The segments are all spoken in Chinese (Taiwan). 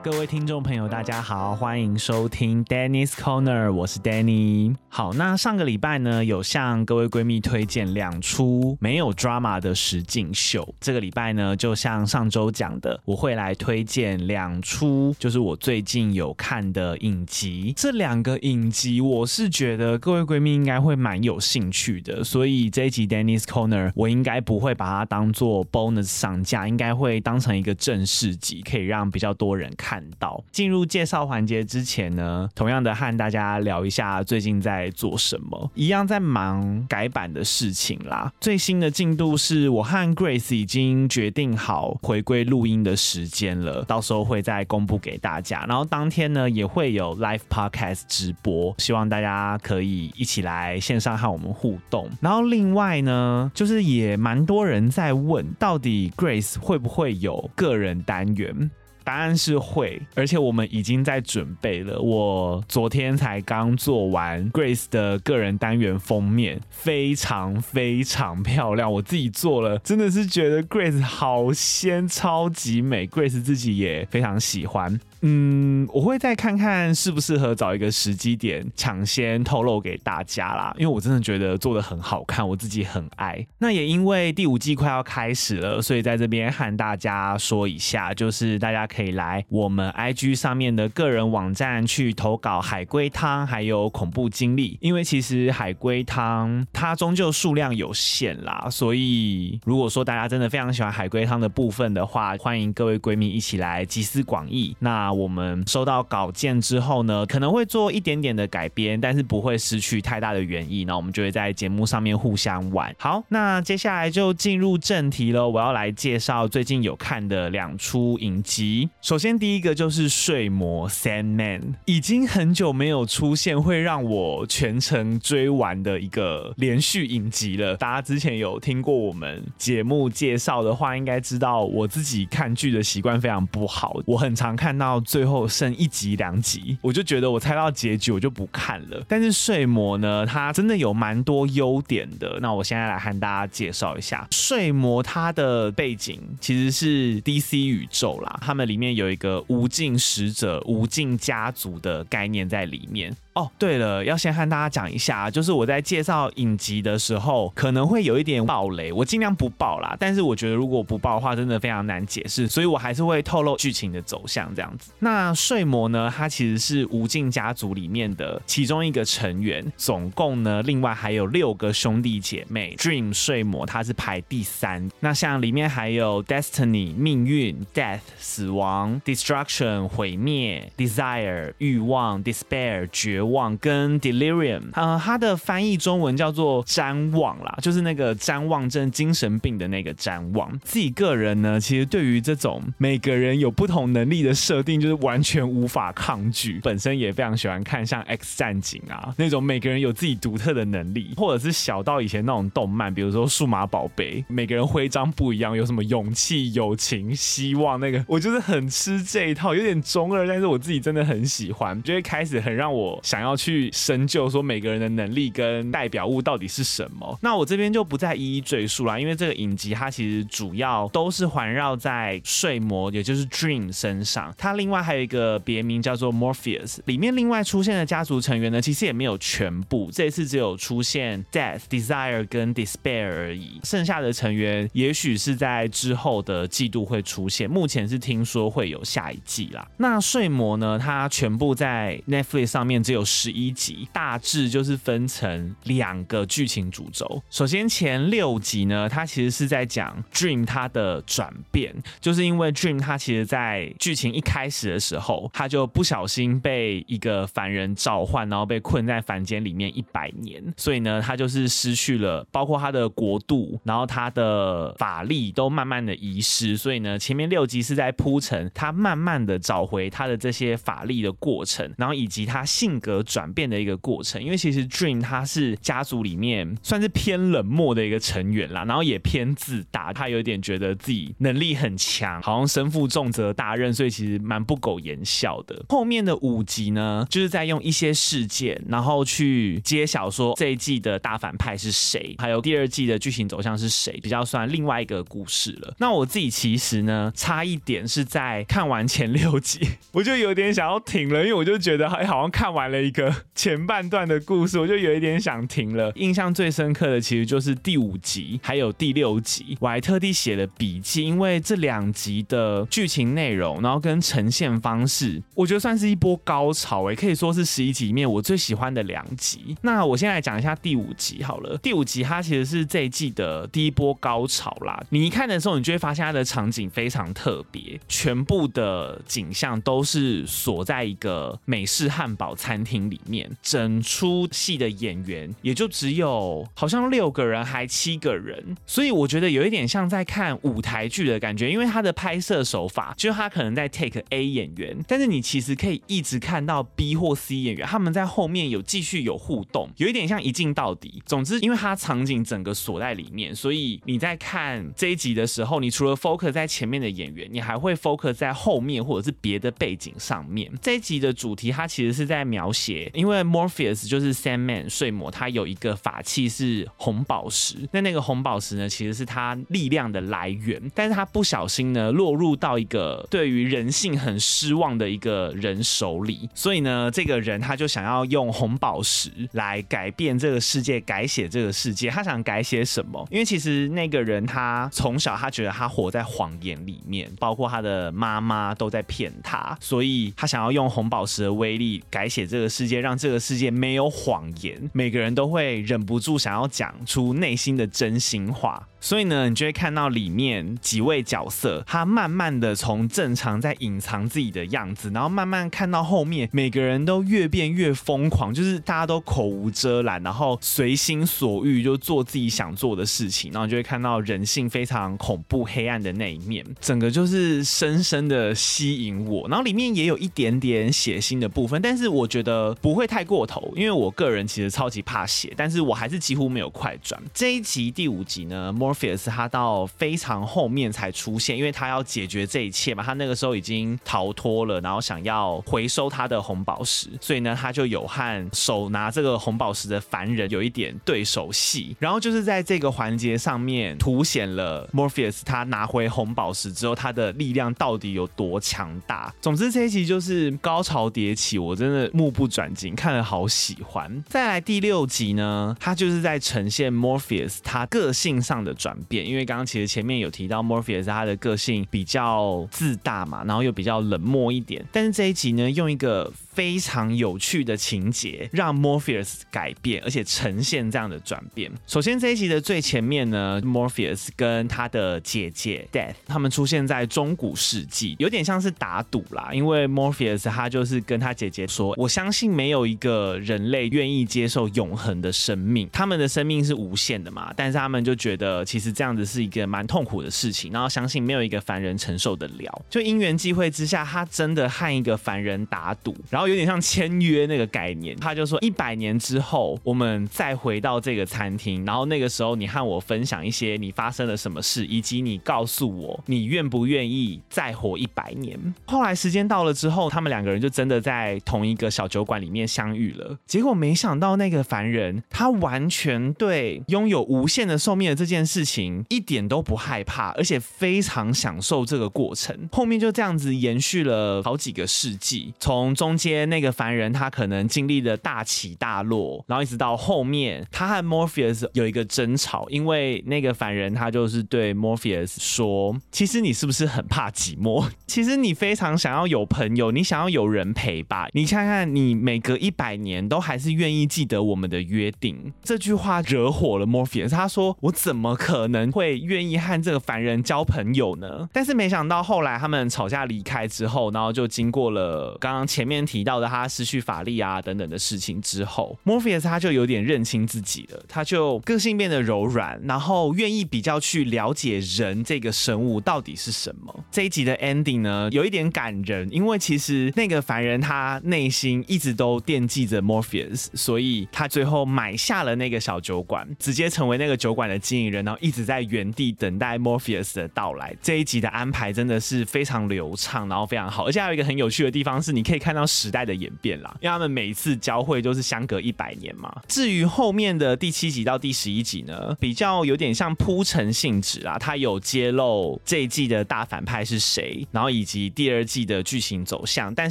各位聽眾朋友，大家好，歡迎收聽 Danny's Corner，我是 Danny。好，那上個禮拜呢，有向各位閨蜜推薦兩齣沒有 drama 的實境秀。這個禮拜呢，就像上周講的，我會來推薦兩齣，就是我最近有看的影集。這兩個影集，我是覺得各位閨蜜應該會蠻有興趣的，所以這一集 Danny's Corner，我應該不會把它當做 bonus 上架，應該會當成一個正式集，可以讓比較多人看。到進入介紹環節之前呢，同樣的和大家聊一下最近在做什麼，一樣在忙改版的事情啦。最新的進度是我和 Grace 已經決定好回歸錄音的時間了，到時候會再公布給大家。然後當天呢也會有 Live Podcast 直播，希望大家可以一起來線上和我們互動。然後另外呢，就是也蠻多人在問，到底 Grace 會不會有個人單元？答案是會，而且我們已經在準備了。我昨天才剛做完 Grace 的個人單元封面，非常非常漂亮。我自己做了，真的是覺得 Grace 好仙，超級美。Grace 自己也非常喜歡。嗯，我會再看看適不適合找一個時機點搶先透露給大家啦，因為我真的覺得做得很好看，我自己很愛。那也因為第五季快要開始了，所以在這邊和大家說一下，就是大家可以來我們 IG 上面的個人網站去投稿海龜湯還有恐怖經歷，因為其實海龜湯它終究數量有限啦，所以如果說大家真的非常喜歡海龜湯的部分的話，歡迎各位閨蜜一起來集思廣益。那。我們收到稿件之後呢，可能會做一點點的改編，但是不會失去太大的原意。那我們就會在節目上面互相玩。好，那接下來就進入正題了。我要來介紹最近有看的兩出影集。首先第一個就是《睡魔》（Sandman），已經很久沒有出現會讓我全程追完的一個連續影集了。大家之前有聽過我們節目介紹的話，應該知道我自己看劇的習慣非常不好，我很常看到。最後剩一集兩集，我就覺得我猜到結局，我就不看了。但是睡魔呢，它真的有蠻多優點的。那我現在來和大家介紹一下睡魔，它的背景其實是 DC 宇宙啦，他們裡面有一個無盡使者、無盡家族的概念在裡面。哦，oh, 對了，要先和大家講一下，就是我在介紹影集的時候，可能會有一點爆雷，我盡量不爆啦。但是我覺得如果不爆的話，真的非常難解釋，所以我還是會透露劇情的走向這樣子。那睡魔呢，它其實是無盡家族裡面的其中一個成員，總共呢另外還有六個兄弟姐妹。Dream 睡魔它是排第三。那像裡面還有 Destiny 命運、Death 死亡、Destruction 毀滅、Desire 欲望、Despair 絕望。望跟 Delirium，呃，他的翻譯中文叫做譫妄啦，就是那個譫妄症、精神病的那個譫妄。自己個人呢，其實對於這種每個人有不同能力的設定，就是完全無法抗拒。本身也非常喜歡看像《X 戰警》啊，那種每個人有自己獨特的能力，或者是小到以前那種動漫，比如說《數碼寶貝》，每個人徽章不一樣，有什麼勇氣、友情、希望，那個我就是很吃這一套，有點中二，但是我自己真的很喜歡，就會開始很讓我想。想要去深究說每個人的能力跟代表物到底是什麼，那我這邊就不再一一贅述啦。因為這個影集它其實主要都是環繞在睡魔，也就是 Dream 身上。它另外還有一個別名叫做 Morpheus。裡面另外出現的家族成員呢，其實也沒有全部，這一次只有出現 Death、Desire 跟 Despair 而已。剩下的成員也許是在之後的季度會出現。目前是聽說會有下一季啦。那睡魔呢，它全部在 Netflix 上面只有。有十一集，大致就是分成兩個劇情主軸。首先前六集呢，它其實是在講 Dream 他的轉變，就是因為 Dream 他其實，在劇情一開始的時候，他就不小心被一個凡人召喚，然後被困在凡間裡面一百年，所以呢，他就是失去了包括他的國度，然後他的法力都慢慢的遺失，所以呢，前面六集是在鋪陳他慢慢的找回他的這些法力的過程，然後以及他性格。的轉變的一個過程，因為其實 Dream 他是家族裡面算是偏冷漠的一個成員啦，然後也偏自大，他有點覺得自己能力很強，好像身負重責大任，所以其實蠻不苟言笑的。後面的五集呢，就是在用一些事件，然後去揭曉說這一季的大反派是誰，還有第二季的劇情走向是誰，比較算另外一個故事了。那我自己其實呢，差一點是在看完前六集，我就有點想要停了，因為我就覺得還、欸、好像看完了。一個前半段的故事，我就有一點想停了。印象最深刻的其實就是第五集，還有第六集，我還特地寫了筆記，因為這兩集的劇情內容，然後跟呈現方式，我覺得算是一波高潮、欸，也可以說是十一集裡面我最喜歡的兩集。那我先來講一下第五集好了。第五集它其實是這一季的第一波高潮啦。你一看的時候，你就會發現它的場景非常特別，全部的景象都是鎖在一個美式漢堡餐廳。庭裡面，整齣戲的演員也就只有好像六個人、還七個人，所以我覺得有一點像在看舞台劇的感覺，因為他的拍攝手法就是他可能在 take A 演員，但是你其實可以一直看到 B 或 C 演員，他們在後面有繼續有互動，有一點像一鏡到底。總之，因為他場景整個鎖在裡面，所以你在看這一集的時候，你除了 focus 在前面的演員，你還會 focus 在後面或者是別的背景上面。這一集的主題，它其實是在描寫寫，因為 Morpheus 就是 Sandman 睡魔，他有一個法器是紅寶石。那那個紅寶石呢，其實是他力量的來源。但是他不小心呢，落入到一個對於人性很失望的一個人手裡。所以呢，這個人他就想要用紅寶石來改變這個世界，改寫這個世界。他想改寫什麼？因為其實那個人他從小他覺得他活在謊言裡面，包括他的媽媽都在騙他。所以他想要用紅寶石的威力改寫這個世界。世界，讓這個世界沒有謊言，每個人都會忍不住想要講出內心的真心話。所以呢，你就會看到裡面幾位角色，他慢慢的從正常在隱藏自己的樣子，然後慢慢看到後面，每個人都越變越瘋狂，就是大家都口無遮攔，然後隨心所欲就做自己想做的事情，然後你就會看到人性非常恐怖黑暗的那一面，整個就是深深的吸引我。然後裡面也有一點點血腥的部分，但是我覺得不會太過頭，因為我個人其實超級怕血，但是我還是幾乎沒有快轉。這一集第五集呢。Morpheus 他到非常後面才出現，因為他要解決這一切嘛。他那個時候已經逃脫了，然後想要回收他的紅寶石，所以呢，他就有和手拿這個紅寶石的凡人有一點對手戲。然後就是在這個環節上面，凸顯了 Morpheus 他拿回紅寶石之後，他的力量到底有多強大。總之這一集就是高潮迭起，我真的目不轉睛，看了好喜歡。再來第六集呢，他就是在呈現 Morpheus 他個性上的。轉變，因為剛剛其實前面有提到，Morpheus 他的個性比較自大嘛，然後又比較冷漠一點。但是這一集呢，用一個非常有趣的情節讓 Morpheus 改變，而且呈現這樣的轉變。首先這一集的最前面呢，Morpheus 跟他的姐姐 Death 他們出現在中古世紀，有點像是打賭啦。因為 Morpheus 他就是跟他姐姐說，我相信沒有一個人類願意接受永恆的生命，他們的生命是無限的嘛，但是他們就覺得。其實這樣子是一個蠻痛苦的事情，然後相信沒有一個凡人承受得了。就因緣際會之下，他真的和一個凡人打賭，然後有點像簽約那個概念。他就說：一百年之後，我們再回到這個餐廳，然後那個時候你和我分享一些你發生了什麼事，以及你告訴我你願不願意再活一百年。後來時間到了之後，他們兩個人就真的在同一個小酒館裡面相遇了。結果沒想到那個凡人，他完全對擁有無限的壽命的這件事。事情一點都不害怕，而且非常享受這個過程。後面就這樣子延續了好幾個世紀。從中間那個凡人他可能經歷了大起大落，然後一直到後面他和 Morpheus 有一個爭吵，因為那個凡人他就是對 Morpheus 說：“其實你是不是很怕寂寞？其實你非常想要有朋友，你想要有人陪吧？你看看你每隔一百年都還是願意記得我們的約定。”這句話惹火了 Morpheus，他說：“我怎麼？”可能會願意和這個凡人交朋友呢，但是沒想到後來他們吵架離開之後，然後就經過了剛剛前面提到的他失去法力啊等等的事情之後，Morpheus 他就有點認清自己了，他就個性變得柔軟，然後願意比較去了解人這個生物到底是什麼。這一集的 ending 呢，有一點感人，因為其實那個凡人他內心一直都惦記着 Morpheus，所以他最後買下了那個小酒館，直接成為那個酒館的經營人，然後。一直在原地等待 Morpheus 的到來。這一集的安排真的是非常流暢，然後非常好。而且還有一個很有趣的地方是，你可以看到時代的演變啦，因為他們每次交匯都是相隔一百年嘛。至於後面的第七集到第十一集呢，比較有點像鋪陳性質啦，它有揭露這一季的大反派是誰，然後以及第二季的劇情走向。但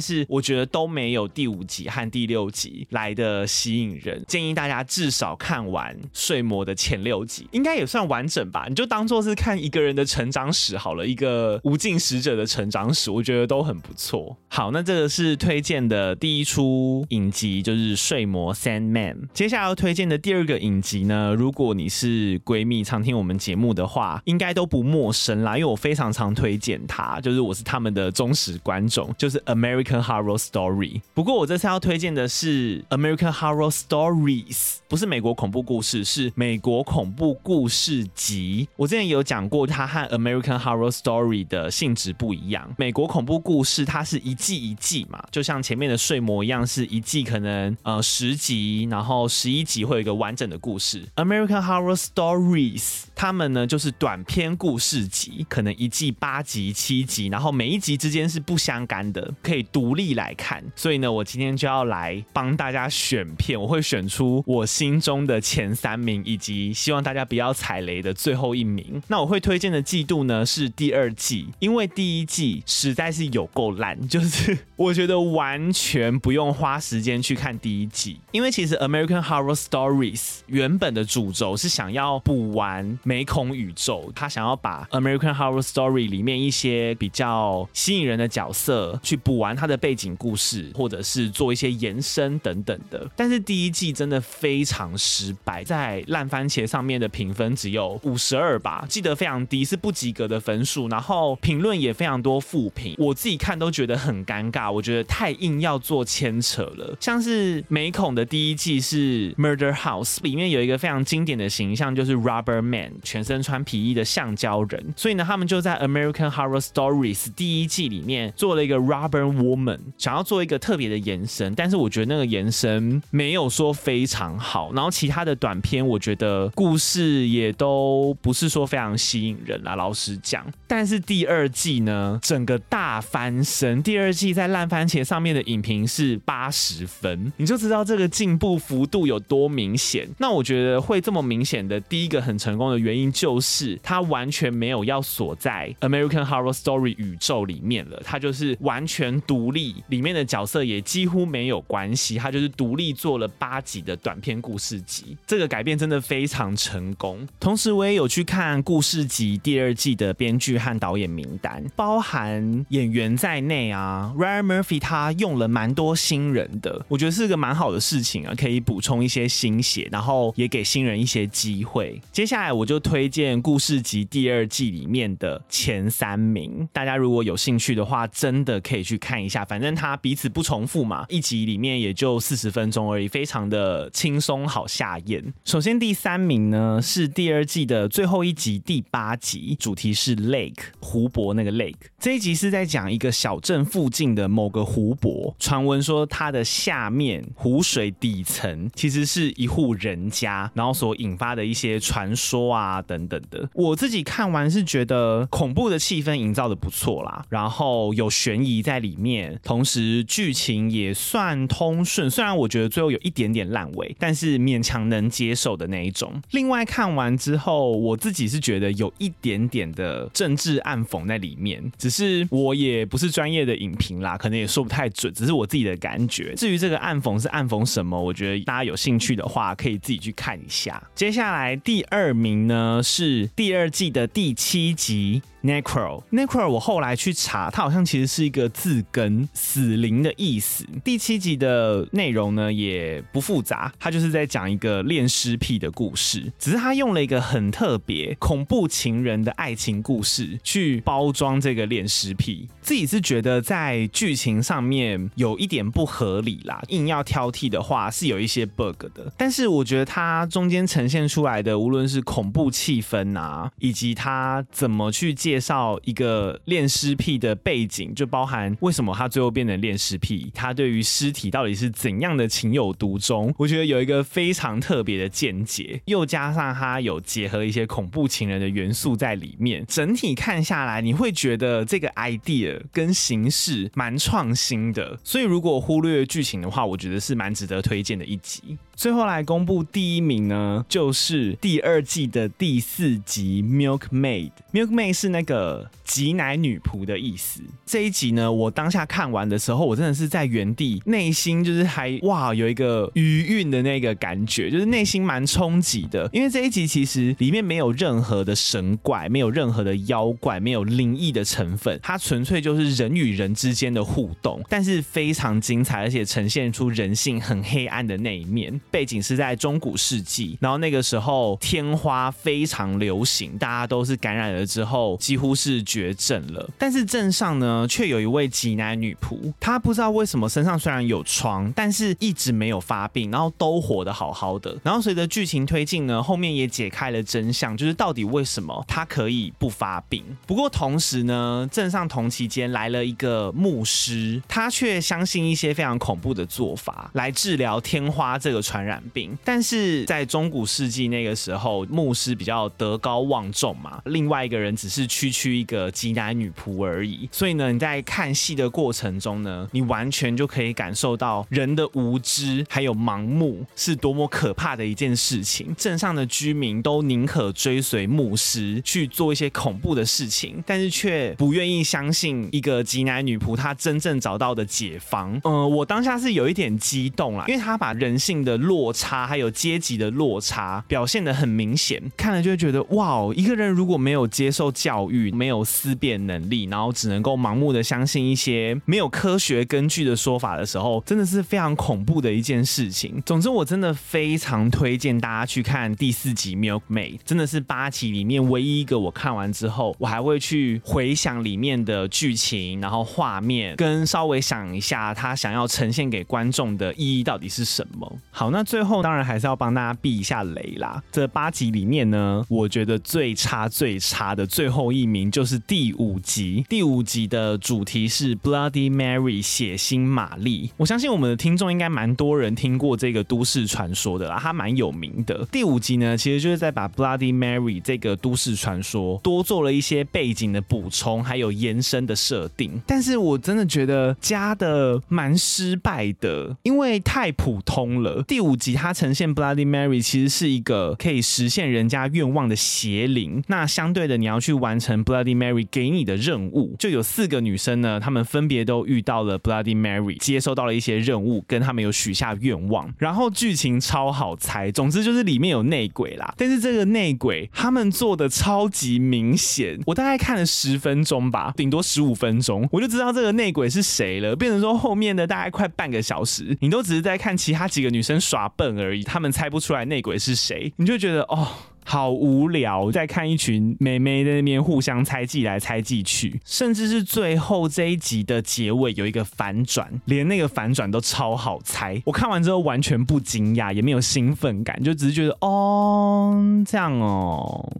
是我覺得都沒有第五集和第六集來得吸引人。建議大家至少看完《睡魔》的前六集，應該也算完完整吧，你就當做是看一個人的成長史好了，一個無盡使者的成長史，我覺得都很不錯。好，那這個是推薦的第一出影集，就是《睡魔 Sandman》。接下來要推薦的第二個影集呢，如果你是閨蜜常聽我們節目的話，應該都不陌生啦，因為我非常常推薦它，就是我是他們的忠實觀眾，就是《American Horror Story》。不過我這次要推薦的是《American Horror Stories》，不是美國恐怖故事，是美國恐怖故事。集，我之前有講過，它和《American Horror Story》的性質不一樣。美國恐怖故事它是一季一季嘛，就像前面的《睡魔》一樣，是一季可能呃十集，然後十一集會有一個完整的故事。《American Horror Stories》他們呢就是短篇故事集，可能一季八集、七集，然後每一集之間是不相干的，可以獨立來看。所以呢，我今天就要來幫大家選片，我會選出我心中的前三名，以及希望大家不要踩雷。雷的最後一名。那我會推薦的季度呢是第二季，因為第一季實在是有夠爛，就是我覺得完全不用花時間去看第一季。因為其實《American Horror Stories》原本的主軸是想要補完美恐宇宙，他想要把《American Horror Story》裡面一些比較吸引人的角色去補完他的背景故事，或者是做一些延伸等等的。但是第一季真的非常失敗，在爛番茄上面的評分只有。有五十二吧，記得非常低，是不及格的分數。然後評論也非常多負評，我自己看都覺得很尷尬。我覺得太硬要做牽扯了。像是美恐的第一季是《Murder House》，裡面有一個非常經典的形象，就是 Rubber Man，全身穿皮衣的橡膠人。所以呢，他們就在《American Horror Stories》第一季裡面做了一個 Rubber Woman，想要做一個特別的延伸。但是我覺得那個延伸沒有說非常好。然後其他的短片，我覺得故事也都。都不是說非常吸引人啦、啊，老實講。但是第二季呢，整個大翻身。第二季在爛番茄上面的影評是八十分，你就知道這個進步幅度有多明顯。那我覺得會這麼明顯的第一個很成功的原因，就是它完全沒有要鎖在《American Horror Story》宇宙裡面了，它就是完全獨立，裡面的角色也幾乎沒有關係，它就是獨立做了八集的短篇故事集。這個改變真的非常成功，同。是，我也有去看《故事集》第二季的編劇和導演名單，包含演員在內啊。Ryan Murphy 他用了蠻多新人的，我覺得是個蠻好的事情啊，可以補充一些新血，然後也給新人一些機會。接下來我就推薦《故事集》第二季裡面的前三名，大家如果有興趣的話，真的可以去看一下。反正他彼此不重複嘛，一集裡面也就四十分鐘而已，非常的輕鬆好下嚥。首先第三名呢是第二。記得最後一集第八集，主題是 Lake 湖泊那個 Lake，這一集是在講一個小鎮附近的某個湖泊，傳聞說它的下面湖水底層其實是一戶人家，然後所引發的一些傳說啊等等的。我自己看完是覺得恐怖的氣氛營造得不錯啦，然後有懸疑在裡面，同時劇情也算通順，雖然我覺得最後有一點點爛尾，但是勉強能接受的那一種。另外看完之後。然後我自己是覺得有一點點的政治暗諷在裡面，只是我也不是專業的影評啦，可能也說不太準，只是我自己的感覺。至於這個暗諷是暗諷什麼，我覺得大家有興趣的話可以自己去看一下。接下來第二名呢是第二季的第七集。Necro，Necro，ne 我後來去查，它好像其實是一個字根“死靈”的意思。第七集的內容呢，也不複雜，它就是在講一個戀屍癖的故事，只是它用了一個很特別、恐怖情人的愛情故事去包裝這個戀屍癖。自己是覺得在劇情上面有一點不合理啦，硬要挑剔的話，是有一些 bug 的。但是我覺得它中間呈現出來的，無論是恐怖氣氛啊，以及它怎麼去。介紹一個戀屍癖的背景，就包含為什麼他最後變成戀屍癖，他對於屍體到底是怎樣的情有獨鍾。我覺得有一個非常特別的見解，又加上他有結合一些恐怖情人的元素在裡面。整體看下來，你會覺得這個 idea 跟形式蠻創新的。所以如果忽略劇情的話，我覺得是蠻值得推薦的一集。最後來公布第一名呢，就是第二季的第四集 Milkmaid。Milkmaid Milk 是那個，那個擠奶女僕的意思。這一集呢，我當下看完的時候，我真的是在原地，內心就是還哇，有一個餘韻的那個感覺，就是內心蠻衝擊的。因為這一集其實裡面沒有任何的神怪，沒有任何的妖怪，沒有靈異的成分，它純粹就是人與人之間的互動，但是非常精彩，而且呈現出人性很黑暗的那一面。背景是在中古世紀，然後那個時候天花非常流行，大家都是感染了之後，幾乎是絕症了，但是鎮上呢，卻有一位擠奶女僕，她不知道為什麼身上雖然有瘡，但是一直沒有發病，然後都活得好好的。然後隨着劇情推進呢，後面也解開了真相，就是到底為什麼她可以不發病。不過同時呢，鎮上同期間來了一個牧師，他卻相信一些非常恐怖的做法來治療天花這個傳染病。但是在中古世紀那個時候，牧師比較德高望重嘛，另外一個人只是去。區區一個擠奶女僕而已，所以呢，你在看戲的過程中呢，你完全就可以感受到人的無知還有盲目是多麼可怕的一件事情。鎮上的居民都寧可追隨牧師去做一些恐怖的事情，但是卻不願意相信一個擠奶女僕她真正找到的解方。嗯、呃，我當下是有一點激動啦，因為他把人性的落差還有階級的落差表現得很明顯，看了就會覺得哇，哦，一個人如果沒有接受教育。與沒有思辨能力，然後只能夠盲目的相信一些沒有科學根據的說法的時候，真的是非常恐怖的一件事情。總之，我真的非常推薦大家去看第四集《Milkmaid》，真的是八集裡面唯一一個我看完之後，我還會去回想裡面的劇情，然後畫面，跟稍微想一下他想要呈現給觀眾的意義到底是什麼。好，那最後當然還是要幫大家避一下雷啦。這八集裡面呢，我覺得最差最差的最後一。一名就是第五集。第五集的主題是《Bloody Mary》（血腥瑪麗）。我相信我們的聽眾應該蠻多人聽過這個都市傳說的啦，它蠻有名的。第五集呢，其實就是在把《Bloody Mary》這個都市傳說多做了一些背景的補充，還有延伸的設定。但是我真的覺得加的蠻失敗的，因為太普通了。第五集它呈現《Bloody Mary》其實是一個可以實現人家願望的邪靈，那相對的你要去完成。Bloody Mary 給你的任務，就有四個女生呢，她們分別都遇到了 Bloody Mary，接收到了一些任務，跟她們有許下願望。然後劇情超好猜，總之就是裡面有內鬼啦。但是這個內鬼他們做的超級明顯，我大概看了十分鐘吧，頂多十五分鐘，我就知道這個內鬼是誰了。變成說後面的大概快半個小時，你都只是在看其他幾個女生耍笨而已，他們猜不出來內鬼是誰，你就覺得哦，好無聊，在看一群妹妹在那邊互相猜忌來猜忌去，甚至是最後這一集的結尾有一個反轉，連那個反轉都超好猜。我看完之後完全不驚訝，也沒有興奮感，就只是覺得哦，這樣哦，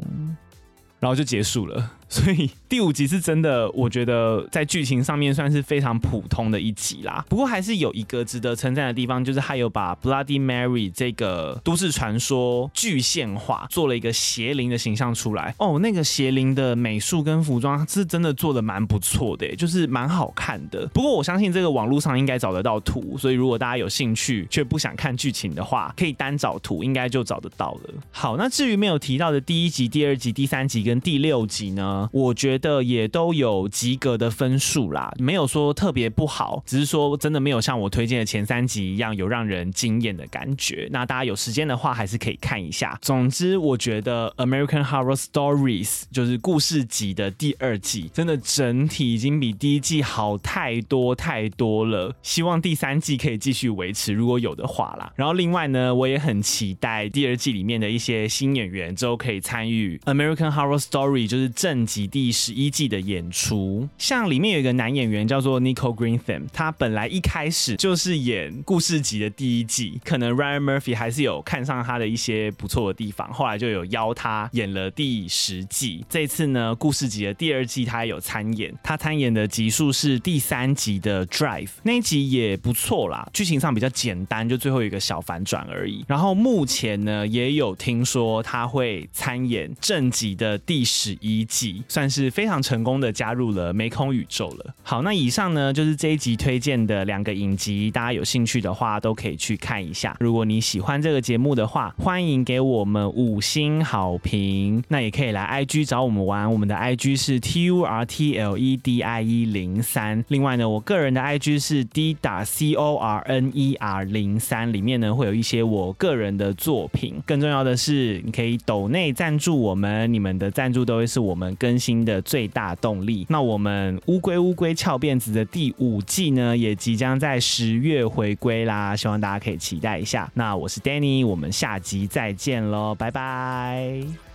然後就結束了。所以第五集是真的，我覺得在劇情上面算是非常普通的一集啦。不過還是有一個值得稱讚的地方，就是他有把 Bloody Mary 這個都市傳說具現化，做了一個邪靈的形象出來。哦，那個邪靈的美術跟服裝是真的做的蠻不錯的，就是蠻好看的。不過我相信這個網絡上應該找得到圖，所以如果大家有興趣卻不想看劇情的話，可以單找圖，應該就找得到了。好，那至於沒有提到的第一集、第二集、第三集跟第六集呢？我覺得也都有及格的分數啦，沒有說特別不好，只是說真的沒有像我推薦的前三集一樣有讓人驚豔的感覺。那大家有時間的話還是可以看一下。總之，我覺得《American Horror Stories》就是故事集的第二季，真的整體已經比第一季好太多太多了。希望第三季可以繼續維持，如果有的話啦。然後另外呢，我也很期待第二季裡面的一些新演員之後可以參與《American Horror Story》，就是正集第十一季的演出，像裡面有一個男演員叫做 Nico Greetham，他本來一開始就是演故事集的第一季，可能 Ryan Murphy 還是有看上他的一些不錯的地方，後來就有邀他演了第十季。這次呢，故事集的第二季他也有參演，他參演的集數是第三集的 Drive，那一集也不錯啦，劇情上比較簡單，就最後有一個小反轉而已。然後目前呢，也有聽說他會參演正集的第十一季。算是非常成功的加入了美恐宇宙了。好，那以上呢就是這一集推薦的兩個影集，大家有興趣的話都可以去看一下。如果你喜歡這個節目的話，歡迎給我們五星好評。那也可以來 I G 找我們玩，我們的 I G 是 T U R T L E D I E 零三。E、03，另外呢，我個人的 I G 是 D 打 C O R N E R 零三，03，裡面呢會有一些我個人的作品。更重要的是，你可以抖內贊助我們，你們的贊助都會是我們跟。更新的最大動力。那我們烏龜烏龜翹辮子的第五季呢，也即將在十月回歸啦，希望大家可以期待一下。那我是 Danny，我們下集再見嘍，拜拜。